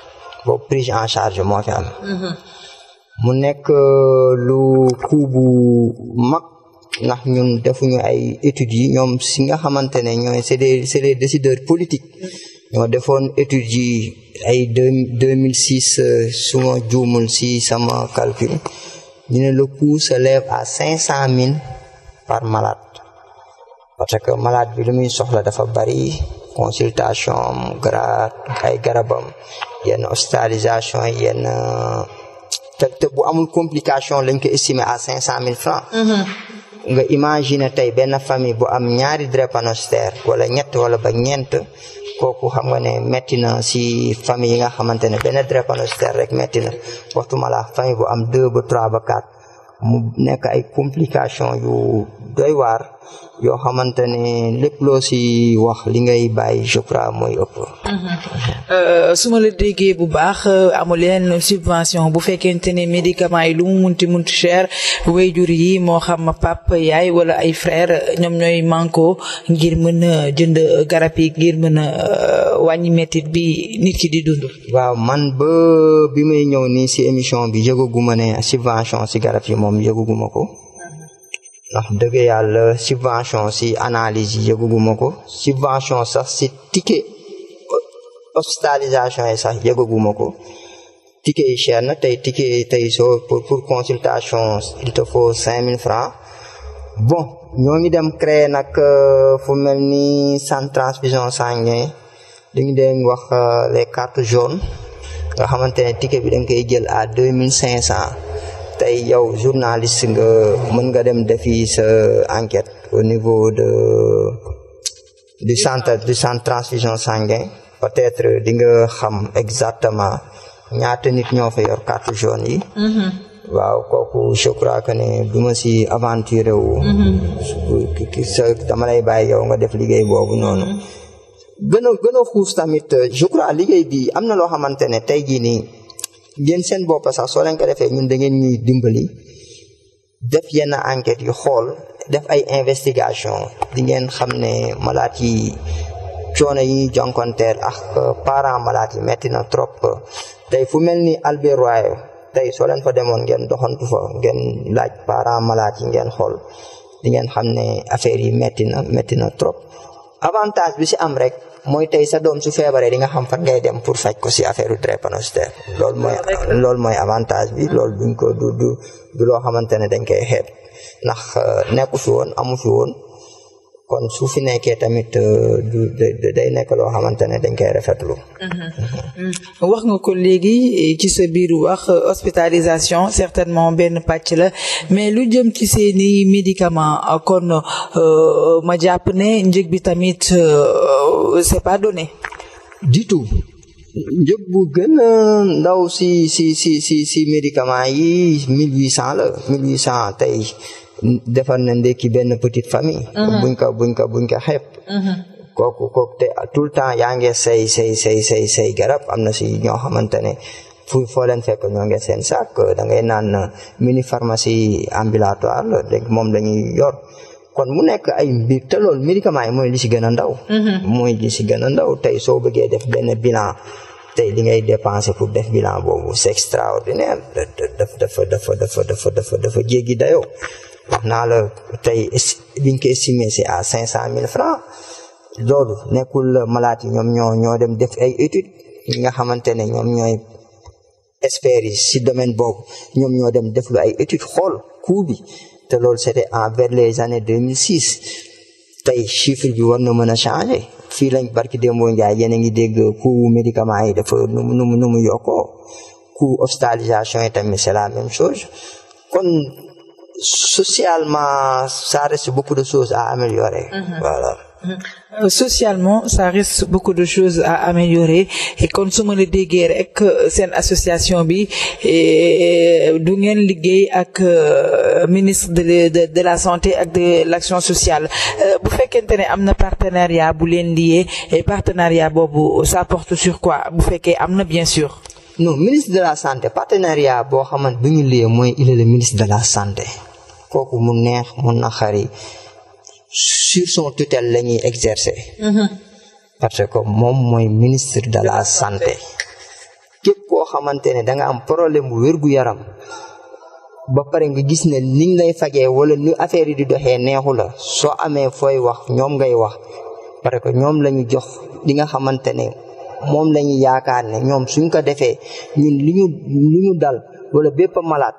boobu prise en charge moo fi mhm. mu nekk euh, lu kuubu mag ndax ñun defuñu ay études yi ñoom si nga xamante ne ñooy c'est des c'est des décideurs politiques mhm. ñoo defoon études yi ay deux deux mille six euh, su juumul si sama calcul ñu ne le coût s'élève à cinq cent mille par malade parce que malaad bi lu muy soxla dafa bari consultation am garab ay garabam yenn hospitalisation yenn te te bu amul complication lañ ko estimer à cinq cent mille francs mhm. nga imaginer tey benn famille bu am ñaari drépanocytaire wala ñett wala ba ñeent kooku xam nga ne métti na si famille yi nga xamante ne benn drépanocytaire rek métti na waxtu ma la famille bu am deux ba trois ba quatre mu nekk ay complications yu doy waar. yoo xamante ne lépp loo si wax li ngay bàyyi je crois mooy ëpp. Euh, su ma la déggee bu baax amu leen subvention bu fekkente ne médicament yi lu mu munti munti cher wéyjur yi moo xam pap yaay wala ay frère ñoom ñooy manko ngir mën a jënd garab yi ngir mën a euh, wàññi métit bi nit ki di dund. waaw man ba bi may ñëw ni si émission bi yëgaguma ne subvention si garab yi moom yëgaguma ko. ndax dëgg yàlla subvention si analyse yi yëguguma ko subvention sax si ticket hospitalisation yi sax yëguguma ko ticket yi cher na tey ticket yi tey soo pour pour consultation il te faut cinq mille francs bon ñoo ngi dem créer nag euh, fu mel ni centre transfusion sanguine di ñu deen wax euh, les cartes jaunes nga xamante ne ticket bi da nga koy jël à deux mille cinq cent tey yow journaliste nga mën nga dem defi sa enquête au niveau de du centre du centre transfusion sanguin peut-être di nga xam exactement ñaata nit ñoo fa yor carte mhm. kooku je crois que ma si aventuré wu. Mhm. sa dama lay nga def liggéey boobu noonu. Mhm. gën a gën a liggéey bi am loo xamante ne tey ngeen seen bopp sax soo leen ko defee ñun da ngeen ñuy dimbali def yenn enquêtes yu xool def ay investigation di ngeen xam ne malaat yi coono yi ñuy jonkonteel ak euh, parents malaat yi na trop tey fu mel ni Albert Royer tey soo leen fa demoon ngeen doxantu fa ngeen laaj parent malaat yi ngeen xool di ngeen xam ne affaire yi metti na metti na trop avantage bi am rek mooy tey sa doom su feebaree di nga xam fan ngay dem pour faj ko si affaire drépanocytaire loolu mooy loolu mooy avantage bi loolu duñ ko du du du loo xamante ne dañ koy xeeb ndax nekku fi woon amu fi woon kon su fi nekkee tamit euh, du day nekk loo xamante ne dañ koy rafetlu. Mm-hmm. wax nga ko léegi eh, ci sa biir wax hospitalisation certainement benn pàcc la mais lu jëm ci seeni médicament ah, kon euh, ma jàpp ne njëg bi tamit euh, c'est pas donné. du tout njëg bu gën ndaw si si si si si médicament yi mille huit cent la mille huit cent tey. defar na ndekki benn petite famille. Uh-huh. bu ko buñ ko buñ ko xeeb. Uh-huh. kooku kooku te tout le temps yaa ngi say say say say say garab am na si ñoo xamante ne fu foo leen fekk ñoo ngi seen sac da ngay naan mini pharmacie ambulatoire dégg moom la ñuy yor. kon mu nekk ay mbir te loolu médicament yi mooy li si gën a ndaw. Uh-huh. mooy li si gën a ndaw tey soo bëggee def benn bilan tey li ngay dépenser pour def bilan boobu c'est extraordinaire dafa dafa dafa dafa dafa dafa jéggi dayoo. wax naa la tey liñ ko estimé c'est à cinq cent mille francs loolu nekkul malaat yi ñoom ñoo ñoo dem def ay études yi nga xamante ne ñoom ñooy experts si domaine boobu ñoom ñoo dem def lu ay études xool coût bi te loolu en envers les années 2006 tey chiffre bi war na mën a changé fii lañ barki Demba Ndiaye yéen a ngi dégg ku médicament yi dafa nu mu nu mu nu mu yokkoo coût hospitalisation yi tamit c'est la même chose kon. socialement ça reste beaucoup de choses à améliorer mhm. voilà mhm. Euh, socialement ça reste beaucoup de choses à améliorer et kon su ma la déggee rek seen association bi euh, du ngeen liggéey ak euh, ministre de de la santé ak de l'action sociale bu fekkente ne am na partenariat bu leen liyee et partenariat boobu ça porte sur quoi bu fekkee am na bien sûr. non ministre de la santé partenariat boo xamante bi ñu liyee mooy il est le ministre de la santé. kooku mu neex mu naqari sur son tutelle la ñuy exercer. Mm-hmm. parce que moom mooy ministre de la santé. képp koo xamante ne da nga am problème bu wérgu yaram ba pare nga gis ne niñ lay fajee wala nu affaire yi di doxee neexu la soo amee fooy wax ñoom ngay wax parce que ñoom la ñu jox li nga xamante ne moom lañuy yaakaar ne ñoom suñ defee ñun li ñu li ñu dal wala bépp malade.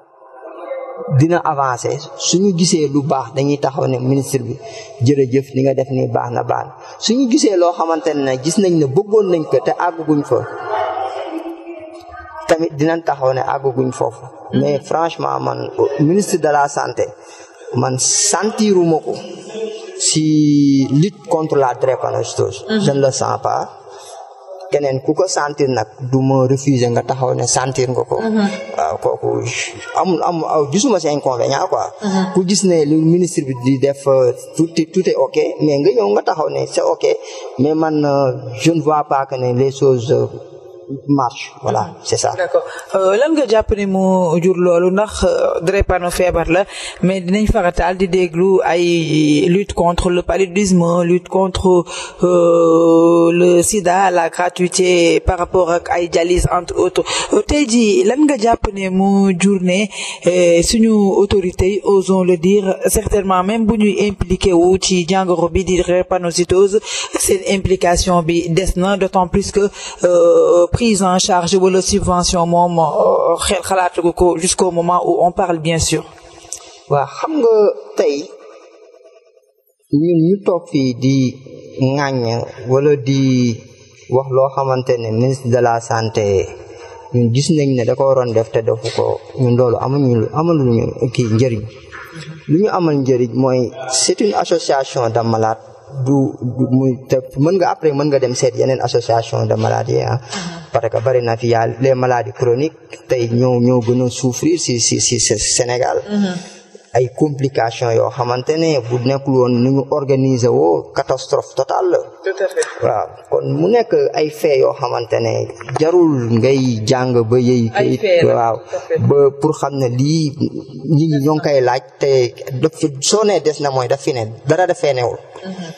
dina avancer suñu gisee lu baax dañuy taxaw ne ministre bi jërëjëf li nga def ni baax na baax na suñu gisee loo xamante ne gis nañ ne bëggoon nañ ko te àgguñ fa tamit dinañ taxaw ne àgguñ foofu mais franchement man ministre de la santé man sentiruma ko si lutte contre la drépanocytose mhm. je ne le sens pas keneen ku ko sentir nag du ma refuser nga taxaw ne sentir nga ko. Mhm. waaw kooku amul am gisuma si inconvénient quoi. Mhm. ku gis ne lu ministre bi di def euh, tout est tout est mais nga ñëw nga taxaw ne c'est ok mais man euh, je ne vois pas que ne les choses. Euh, marche voilà mhm. c'est ça. d'accord euh, lan nga jàpp mu jur loolu ndax euh, drépano feebar la mais dinañ farataal di déglu ay lutte contre le paludisme lutte contre euh, le sida la gratuité par rapport ak ay dialyse entre autres tey jii lan nga jàpp ne mu jur ne suñu autorités yi osons le dire certainement même bu ñuy impliqué wu ci jàngoro bi di drépanocytose seen implication bi desna d'autant plus que. prise en charge wala subvention moom euh, xel xalaatugu ko jusqu'au moment où on parle bien sûr waaw xam nga tey ñun ñu toog fii di ŋàññ wala di wax loo xamante ne ministre de la santé ñu gis nañ ne da ko waroon def te defu ko ñun loolu amuñu amaluñu kii lu ñu amal njëriñ mooy c'est une association de malades du muy te mën nga après mën nga dem seet yeneen association de maladies ah. parce que bari na fi yàlla les maladies chroniques tey ñoo ñoo gën a souffrir si si si ay complications yoo xamante ne bu nekkul woon ni ñu organiser woo catastrophe totale kon mu nekk ay fait yoo xamante ne jarul ngay jàng ba yëy. kayit waaw ba pour xam ne lii ñi ñoo ngi laaj te daf soo nee des na mooy daf fi ne dara dafee newul. Mm-hmm.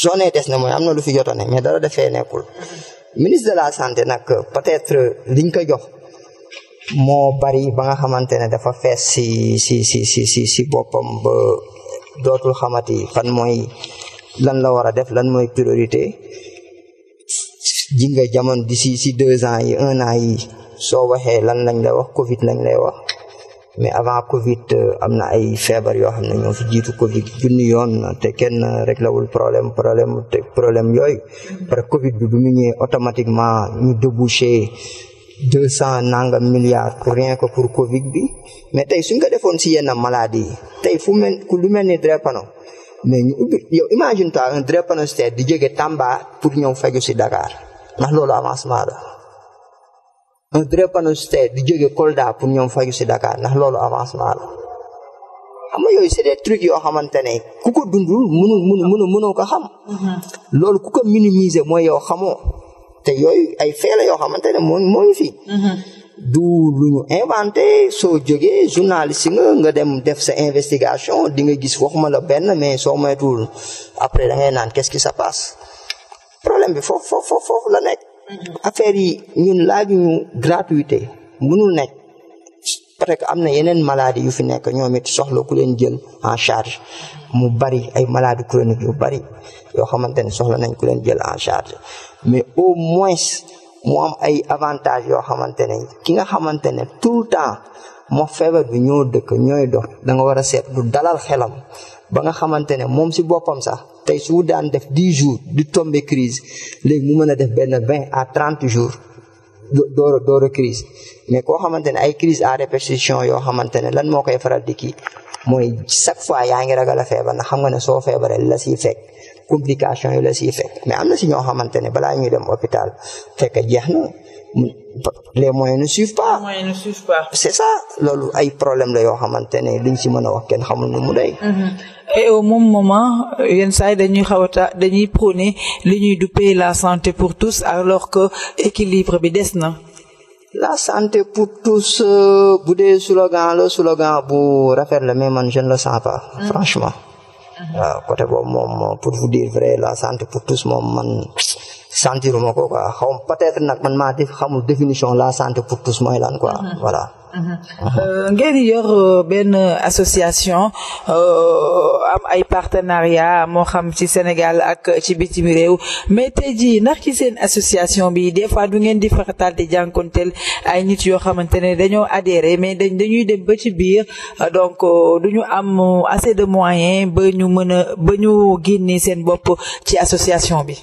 soo des na mooy am na lu fi ne mais dara dafee nekkul. Mm-hmm. ministre de la santé nag peut-être liñ ko jox. moo bari ba nga xamante ne dafa fees si si si si si si boppam ba dootul xamati fan mooy lan la war a def lan mooy priorité ji nga jamono di si si deux ans yi un an yi soo waxee lan lañ lay wax Covid lañ lay wax mais avant Covid am na ay feebar yoo xam ne ñoo fi jiitu Covid junni yoon te kenn réglé wul problème problème te problème Covid bi bu automatiquement ñu débouché. deux cent nangam milliards pour rien que pour Covid bi mais tey suñ ko defoon si yenn maladie yi tey fu mel ku lu mel ni drépano mais ñu ubbi yow imagine toi un drépanocytaire di jege Tamba pour ñëw faju si Dakar ndax loolu avancement la un drépanocytaire di jóge Kolda pour ñoom faju si Dakar ndax loolu avancement la xam nga yooyu c'est des trucs yoo xamante ne ku ko dundul mënu mënu mënu mënoo xam mm-hmm. loolu ku ko minimiser mooy yow xamoo te yooyu ay fee la yoo xamante ne moo moo fi. Mm-hmm. du lu ñu inventé soo jógee journaliste nga nga dem def sa investigation di nga gis waxuma la benn mais soo moytuwul après dangay naan qu'est-ce qui se passe problème bi foofu foofu foofu la nekk. Mm-hmm. affaire yi ñun laajuñu gratuité mënul nekk. parce que am na yeneen maladie yu fi nekk ñoom it soxla ku leen jël en charge mu bari ay maladie chronique yu bari yoo xamante ne soxla nañ ku leen jël en charge mais au moins mu am ay avantages yoo xamante ne ki nga xamante ne tout le temps moo feebar bi ñoo dëkk ñooy dox da war a seet du dalal xelam ba nga xamante ne moom si boppam sax tey su daan def dix jours di tombe crise léegi mu mën a def benn vingt à trente jours door door crise mais koo xamante ne ay crise à répétition yoo xamante ne lan moo koy faral di kii mooy chaque fois yaa ngi ragal a feebar na xam nga ne soo feebaree la siy fekk complication yi la siy fekk mais am na si ñoo xamante ne balaa ñuy dem hôpital fekk jeex na les moyens ne suivent pas. les ça loolu ay problème la yoo xamante ne liñ si mën a wax kenn xamul nu mu doy. Mm-hmm. et au même moment yenn saa yi dañuy xaw a dañuy prôné li ñuy la santé pour tous alors que équilibre bi des na. la santé pour tous euh, bu dee slogan la slogan bu rafet la mais man je ne le mm-hmm. franchement. waaw mhm. ah, côté boobu moom pour vous dire vrai la santé pour tous moom man sentiruma ko quoi xaw peut-être nag man maa def xamul définition la santé pour tous mooy lan quoi mhm. voilà. Euh, ngeen yor euh, benn association euh, am ay partenariat moo xam ci Sénégal ak ci bitim réew mais tey jii ndax ci seen association bi des fois du ngeen di farataal di jànkonteel ay nit yoo xamante ne dañoo adhéré mais dañ dañuy dem ba ci biir donc du ñu am assez de moyens ba ñu mën a ba ñu génnee seen bopp ci association bi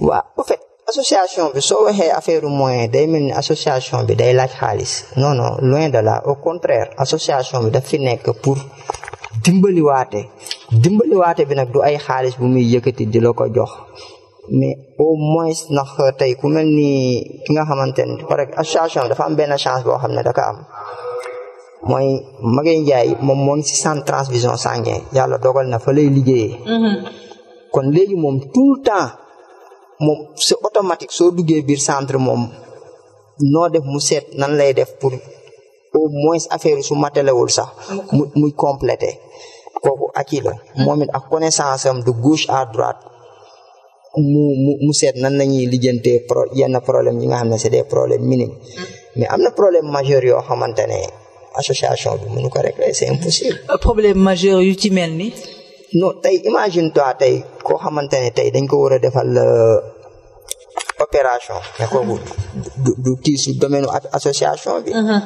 waaw en fait association bi soo waxee affaire moyen day mel ni association bi day laaj xaalis non non de la au contraire association bi daf fi nekk pour dimbaliwaate waate bi nag du ay xaalis bu muy yëkkati di la ko jox mais au moins ndax tey ku mel ni ki nga xamante ni par association bi dafa am benn chance boo xam ne daka am mooy Maguette Ndiaye moom moo ngi si centre transfusion sanguine yàlla dogal na fa lay liggéeyee. Mm-hmm. kon léegi moom tout temps. moom c'est automatique soo duggee biir centre moom noo def mu seet nan lay def pour au moins affaire su matalewul sax mu muy complété kooku ak i moom it ak connaissance am de gauche à droite mu mu mu seet nan la ñuy lijjantee pro yenn problème yi nga xam ne c'est des problèmes minimes mm. mais am na problème majeur yoo xamante ne association bi mënu ko régler c'est impossible. Euh, problème majeur yu ci mel ni. no tey imagine toi tey koo xamante ne tey dañ ko war a defal euh, opération mais kooku du du tiisu domaine association bi mm-hmm.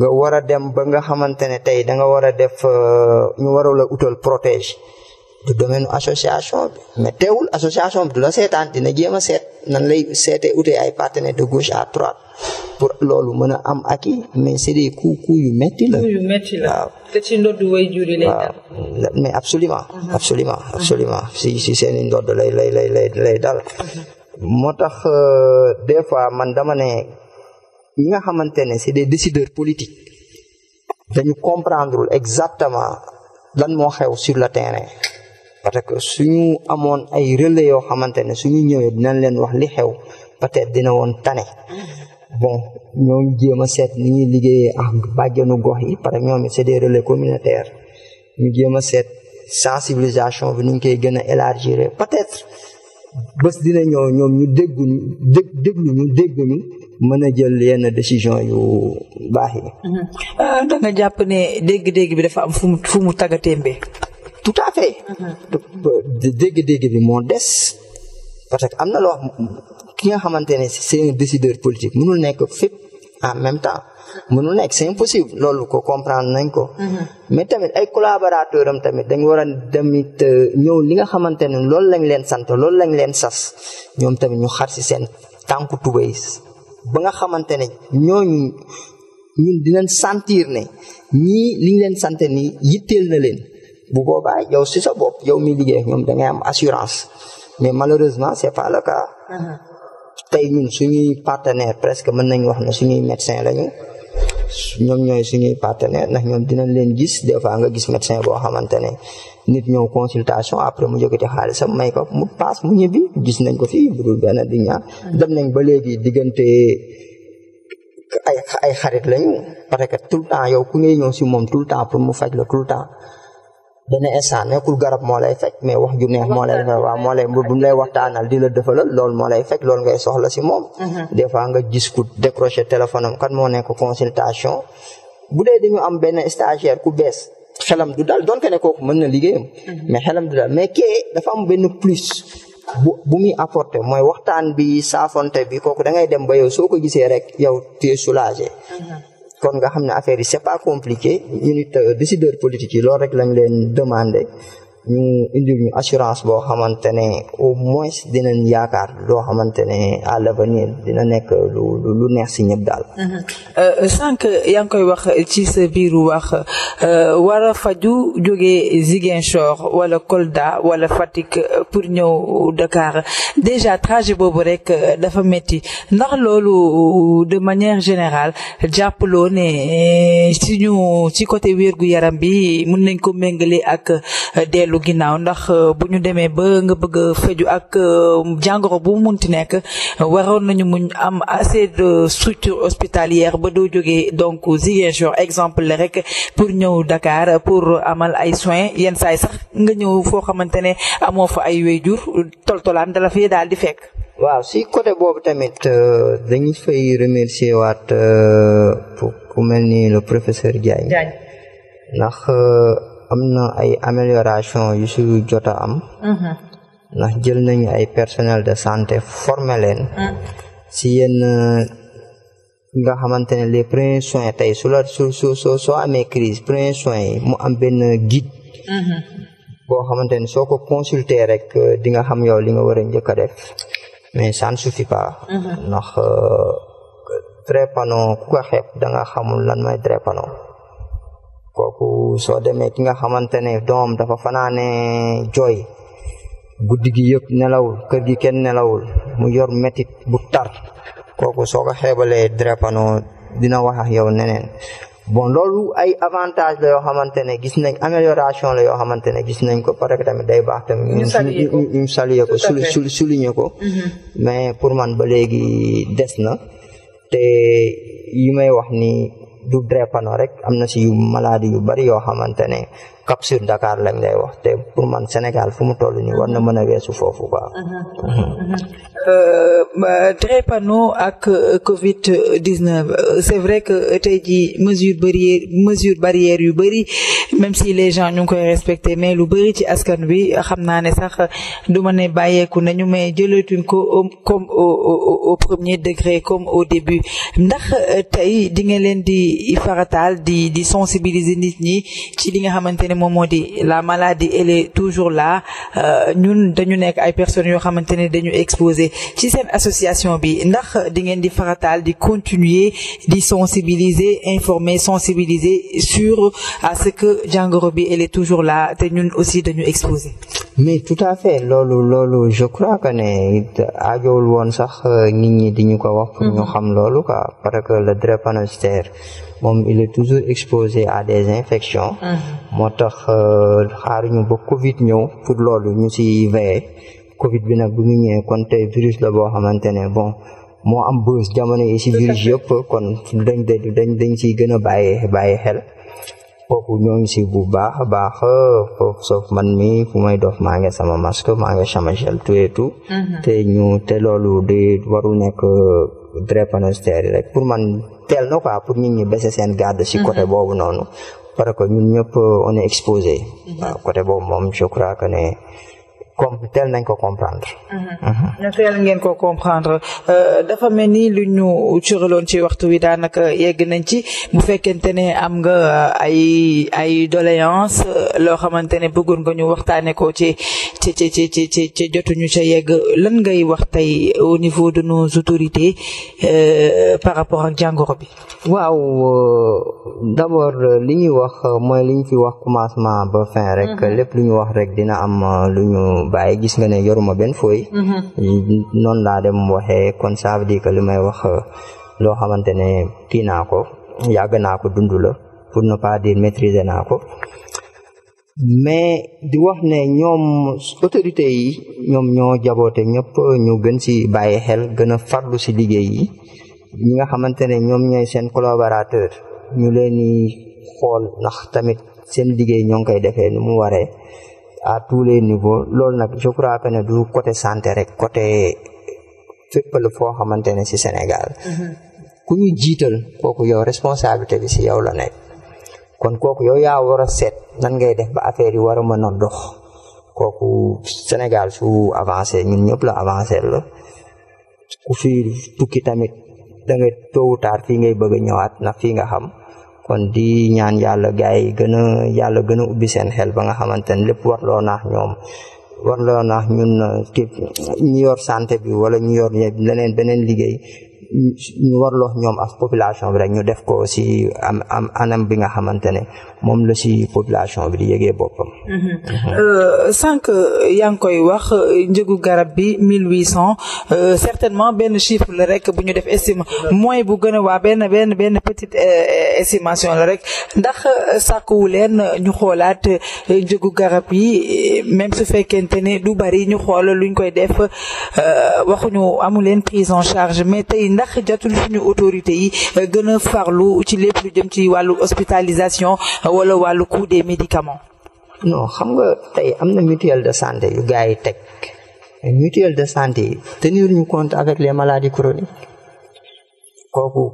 nga war a dem ba nga xamante ne tey da nga war a def euh, ñu warul a utal protège du domaine association bi mais tewul association bi du la seetaan dina jéem a seet nan lay seete utee ay partenaires de gauche à droite pour loolu mën a am aki i mais c'est des coups coups yu metti la. waaw mais absolument mhm. Mhm. absolument si si seen i ndodd lay lay lay lay lay dal. Mhm. moo tax euh, des fois man dama ne ñi nga xamante ne c'est des décideurs politique dañu comprendrewul exactement lan moo xew sur le terrain. parce que suñu amoon ay relais yoo xamante ne suñu ñëwee dinañ leen wax li xew peut-être dina woon tane bon ñoo ngi jéem a seet ni ñuy liggéeyee ak bàjjenu gox yi parce que ñoom c'est des relais communautaires ñu jéem a seet sensibilisation bi nuñ koy gën a élargir peut-être bés dina ñëw ñoom ñu déggu ñu dëgg déglu ñu dégg mën a jël yenn décision yu baax yi. Mm-hmm. Euh, da jàpp ne dégg-dégg bi dafa am fu mu fu mu tout à mhm. dégg-dégg bi moo des parce que am na loo ki nga xamante ne c'est un décideur politique mënul nekk fépp en même temps mënul nekk c'est impossible loolu ko comprendre nañ ko mhm. mais tamit ay collaborateur am tamit dañ war a tamit euh, ñëw li nga xamante ne loolu lañ leen sant loolu lañ leen sas ñoom tamit ñu xar si seen tànku tubéy ba nga xamante ne ñooñu ñun dinañ sentir ne ñii liñ leen sant ni yitteel na leen bu boobaa yow si sa bopp yow mi liggéey ñoom da ngay am assurance mais malheureusement c'est pas le cas. Uh-huh. tey ñun suñuy partenaire presque mën nañ wax ne suñuy médecin lañu ñoom ñooy suñuy partenaire ndax ñoom dinañ leen gis des fois nga gis médecin boo xamante ne nit ñëw consultation après mu yëkkati xaalisam may ko mu paas mu ñibbi gis nañ ko fii bu dul benn di ñaar uh-huh. dem nañ ba léegi diggante ay ay xarit lañu parce que tout le temps yow ku ngay ñëw si moom tout le temps dana instant nekkul garab moo lay faj wax ju neex moo lay faj waaw moo lay bu lay waxtaanal di la defalal loolu moo lay faj loolu ngay soxla si moom mhm. des fois nga gis ku décrocher téléphone am moo nekk consultation bu dee dañu am benn stagiaire ku bees xelam du dal donte ne kooku mën na liggéeyam mhm. mais xelam du dal mais kee dafa am benn plus bu bu muy apporté mooy waxtaan bi saafonte bi kooku da ngay dem ba yow soo ko gisee rek yow tu es kon nga xam ne affaire yi c'est pas compliqué unité décideur politique yi loolu rek lañ leen demandé ñu indil ñu assurance boo xamante ne au moins yaakaar loo xamante ne à dina nekk lu neex si ñëpp daal. Mhm. Euh, sànq yaa ngi koy wax ci sa biiru wax euh, war a faju jógee Ziguinchor wala Kolda wala Fatick pour ñëw Dakar déjà trajet boobu rek dafa metti ndax loolu de manière générale jàppaloo ne ci euh, ñu ci côté wér gu yaram bi mën nañ ko méngale ak dell dellu ginnaaw ndax euh, bu ñu demee ba nga bëgg a feju ak euh, jàngoro bu munti nekk waroon nañu muñ am assez de structure hospitalière ba doo jógee donc Ziguinchor exemple la rek pour ñëw dakaar pour amal ay soins yenn saay sax nga ñëw foo xamante ne amoo fa ay wéyjur toltolaan dala fee daal di fekk. waaw si côté boobu tamit euh, dañu fay remercier waat ku mel ni le professeur Diagne. Diagne ndax. am ay amélioration yu si jot a am mm-hmm. ndax jël nañu ay personnel de santé formé leen si mm. yenn nga xamante ne les premiers soins tey su la su su soo amee crise premiers soin yi mu am benn guide mm-hmm. boo xamante ne soo ko consulter rek euh, di nga xam yow li nga war a njëkk a def mais sante ne suffit pas mm-hmm. ndax drépano euh, ku ko xeeb da nga xamul lan mooy drépano kooku soo demee ki nga xamante ne doom dafa fanaane jooy guddi gi yëpp nelawul kër gi kenn nelawul mu yor metit bu tar kooku soo ko xeebalee drépano dina wax ak yow neneen bon loolu ay avantage la yoo xamante ne gis nañ amélioration la yoo xamante ne gis nañ ko parce tamit day baax tamit ñu saluer ko su souligner ko mm-hmm. pour man ba léegi na te yi may du drépano rek am na si yu maladie yu bari yoo xamante ne capture Dakar lañ lay wax te pour man Sénégal fu mu toll nii war na mën a weesu foofu quoi. Euh, Drépano euh, ak euh, Covid 19 c'est vrai que tey jii mesure barrière mesure barrière yu bëri même si les gens ñu ngi koy respecté mais lu bëri ci askan wi xam naa ne sax du ma ne bàyyeeku nañu mais jëlatuñ ko comme au premier degré comme au début ndax tey di nga leen di farataal di di nit ñi ci li nga xamante ne moom moo di la maladie elle est toujours là euh, ñun dañu nekk ay personnes yoo xamante ne dañu exposé ci seen association bi ndax dingeen di farataal di continuer di sensibiliser informe sensibiliser sur à ce que jàngoro bi elle est toujours la te ñun aussi dañu exposé. mais tout à fait loolu loolu je crois que ne aajowul woon sax euh, nit ñi di ñu ko wax. pour ñu mhm. xam loolu quoi parce que le drépanocytaire moom il est toujours exposé à des infections. moo tax euh, xaaruñu ba Covid ñëw pour loolu ñu si veillé Covid bi nag bu ñu kon tey virus la boo xamante ne bon. moo am bës jamono yi si virus yëpp kon dañ dañ dañ ciy gën a bàyyi bàyyi xel kooku ñoo ngi ci bu baax a baax foofu soof man mi fu may dof maa ngi sama masque maa ngi sama gel tout et tout te ñu te loolu di waru nekk drépanocytaires yi rek pour man teel na quoi pour nit ñi baisser seen garde si côté mhm. boobu noonu parce que ñun ñëpp on est exposé. Mhm. boobu moom je ne. comme teel nañ ko comprendre. teel mm-hmm. mm-hmm. mm-hmm. ngeen ko comprendre euh, dafa mel ni lu ñu curaloon ci waxtu wi daanaka yegg nañ ci bu fekkente ne am nga euh, ay ay doléance euh, loo xamante ne bëggoon nga ñu waxtaanee ko ci ci ci ci ci ci jotuñu ca yegg lan ngay wax tey au niveau de nos autorités par rapport ak jàngoro bi. waaw d'abord li ñuy wax mooy li ñu fi wax commencement ba fin rek lépp lu ñu wax rek dina am lu ñu. bàyyi gis nga ne yoruma benn fooy. Mhm. noonu laa dem waxee kon ça veut dire que li may wax euh, loo xamante ne kii naa ko yàgg naa ko dund la pour ne pas dire maîtriser naa ko mais di wax ne ñoom autorités yi ñoom ñoo jaboote ñëpp ñu gën si bàyyi xel gën a farlu si liggéey yi ñi nga xamante ne ñoom ñooy seen collaborateur ñu leen di xool ndax tamit seen liggéey ñoo ngi koy defee nu mu waree. à tous les niveaux loolu nag je crois que ne du côté santé rek côté fépp la foo xamante ne ci Sénégal mm-hmm. ku ñu jiital kooku yow responsabilité bi ci yow la nekk kon kooku yow yaa war a seet nan ngay def ba affaire yi war a mën a dox kooku Sénégal su avancé ñun ñëpp la avancé la fi tukki tamit da ngay tôt tard fii ngay bëgg a ñëwaat ndax fii nga xam kon di ñaan yàlla gars yi gën a yàlla gën a ubbi seen xel ba nga xamante ne lépp warloo naax ñoom warloo naax ñun uh, képp ñu yor santé bi wala ñu yor leneen beneen liggéey ñu warloo ñoom ak population bi rek ñu def ko si am am anam bi nga xamante ne moom la si population bi di yëgee boppam. Mhm. Euh, sànq yaa ngi koy wax njëgu garab bi mille huit cent euh, certainement benn chiffre la rek bu ñu def estime mooy bu gën a waa benn benn benn petite euh, estimation la rek ndax sàkkuwu leen ñu xoolaat njëgu garab yi même su fekkente ne du bari ñu xool luñ koy def waxuñu amu leen prise en charge mais tey ndax jotul suñu autorité yi gën a farlu ci lépp lu jëm ci wàllu hospitalisation. wala wàllu coût des médicaments. non xam nga tey am na mutuelle de santé yu gars yi teg mutuelle de santé yi tenir ñu compte avec les maladies chroniques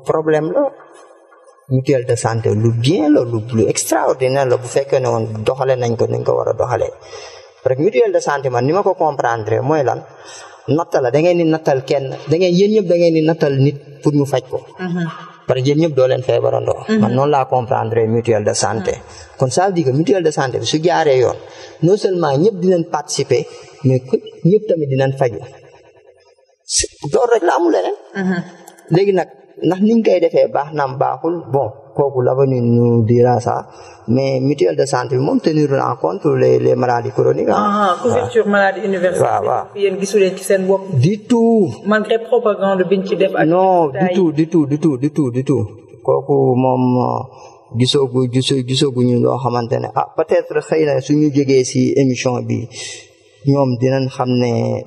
problème la mutuelle de santé lu bien la lu lu extraordinaire la bu fekkee ne woon doxale nañ ko nañ ko war a doxalee parce de santé man ni ma ko comprendre mooy lan natta la da ngeen di nattal kenn da ngeen yéen ñëpp di nattal nit pour ñu faj ko. Mm-hmm. par exemple ñëpp doo leen feebarandoo. Mhm. man noonu laa comprendre mutuelle de santé. Mhm. kon ça veut dire de santé bi su yoon non seulement ñëpp dinañ participer mais ñëpp tamit dinañ faju loolu rek la amul leneen. Mhm. léegi nag ndax niñ koy defee baax naam baaxul bon kooku l'avenir nous dira ça mais mutuelle de santé bi moom tenir en compte les les maladies chroniques ah. couverture maladie universelle. waaw waaw seen bopp. du tout. malgré propagande ci def. ak non du tout du tout du tout du tout du tout. kooku moom. Euh, gisoogu gisoo gisooguñu loo xamante ne ah peut-être xëy na suñu jegee ci émission bi ñoom dinañ xam ne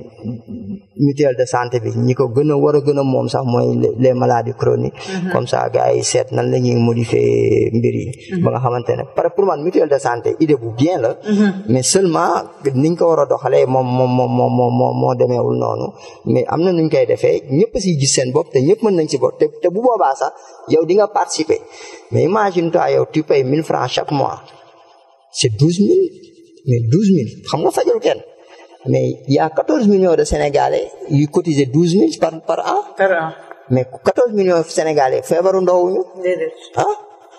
mutuelle de santé bi ñi ko gën a war a gën a moom sax mooy les maladi chroniques. Mm-hmm. comme sax gars yi seet nan la ñuy modifier mbir yi. Mm-hmm. ba nga xamante ne par pour man mutuelle de santé idée bu bien la. Mm-hmm. mais seulement niñ ko war a doxalee moom moom moom moom moo demeewul noonu mais am na nuñ koy defee ñëpp si ji seen bopp te ñëpp mën nañ si bopp te te bu boobaa sax yow di nga participer mais imagine toi yow tu payes 1000 francs chaque mois c'est 12000 mais 12000 xam nga fajul kenn. mais il y a quatorze millions de Sénégalais yu cotiser douze mille par par an. par an mais quatorze millions de Sénégalais feebaru ndawuñu. déedéet ah.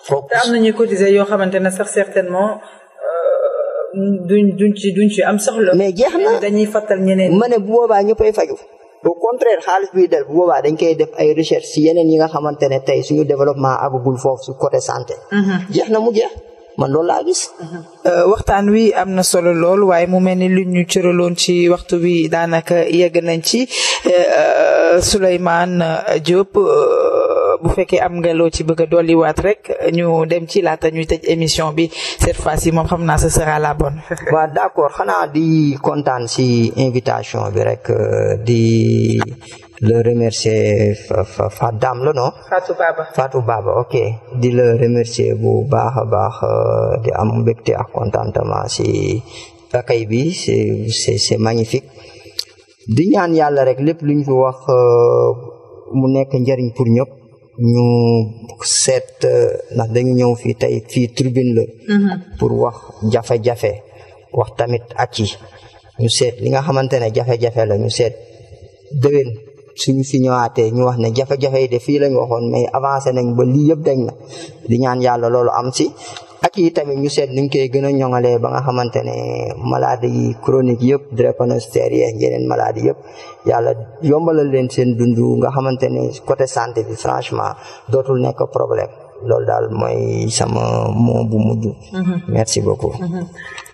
trop te am ñuy cotiser yoo xamante ne sax certainement euh, duñ duñ ci duñ ci am soxla. mais jeex na dañuy fàttal ñeneen. ma ne bu boobaa ñëppay faju au contraire xaalis buy del bu boobaa dañ koy def ay recherche si yeneen yi nga xamante ne tey suñu développement agagul foofu su côté santé. Mhm. jeex na mu jeex. man loolu euh, waxtaan wi am na solo lool waaye mu mel ni lu ñu cëraloon ci waxtu wi daanaka yegg nañ ci euh, euh, Souleymane Diop. bu fekkee am nga ci bëgg a dolliwaat rek ñu dem ci laata ñu tëj émission bi cette fois ci moom xam naa ce sera la bonne. waaw d'accord xanaa di kontaan si invitation bi rek euh, di le remercier Fatou Dame la non. Fatou Baba ok di le remercier bu baax a baax euh, di am mbégte ak contentement si akay bi c'est magnifique. di ñaan yàlla rek lépp luñ fi wax euh, mu nekk njariñ pour ñëpp ñu seet euh, ndax dañu ñëw fii tey fii tribune la. Mhm. pour wax jafe-jafe wax tamit ak yi ñu seet li nga xamante ne jafe-jafe la ñu seet déwén suñu fi ñëwaatee ñu wax ne jafe-jafe yi de fii lañ waxoon mais avancé nañ ba lii yëpp dañ na di ñaan yàlla loolu am si ak yi tamit ñu seet nuñ koy gën a ñoŋalee ba nga xamante ne maladies yi chronique yëpp drépanocytaires yeeg yeneen maladies yëpp yàlla yombalal leen seen dund nga xamante ne côté santé bi franchement dootul nekk problème loolu daal mooy sama mot bu mujj. Mm-hmm. merci beaucoup. Mm-hmm.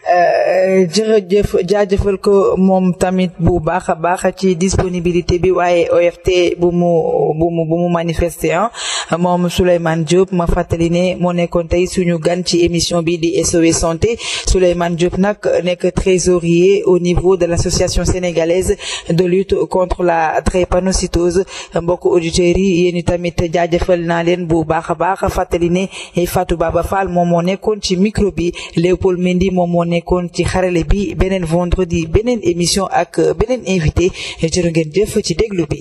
Euh, jërëjëf jaajëfal ko moom tamit bu baax a baax ci disponibilité bi waaye OFT bu mu bu mu bu mu manifester ah. moom Souleymane Diop ma fàttali ne moo nekkoon tey suñu gan ci émission bi di SOS santé Souleymane Diop nag nekk trésorier au niveau de l'association sénégalaise de lutte contre la drépanocytose mbokk auditeurs yi yéen tamit jaajëfal naa leen bu baax a baax fàttali ne Fatou Baba Fall moom moo nekkoon ci micro bi Léopold Mendy moom moo nekkoon ci xarale bi beneen vendredi beneen émission ak euh, beneen invité jërë ngeen jëf ci déglu bi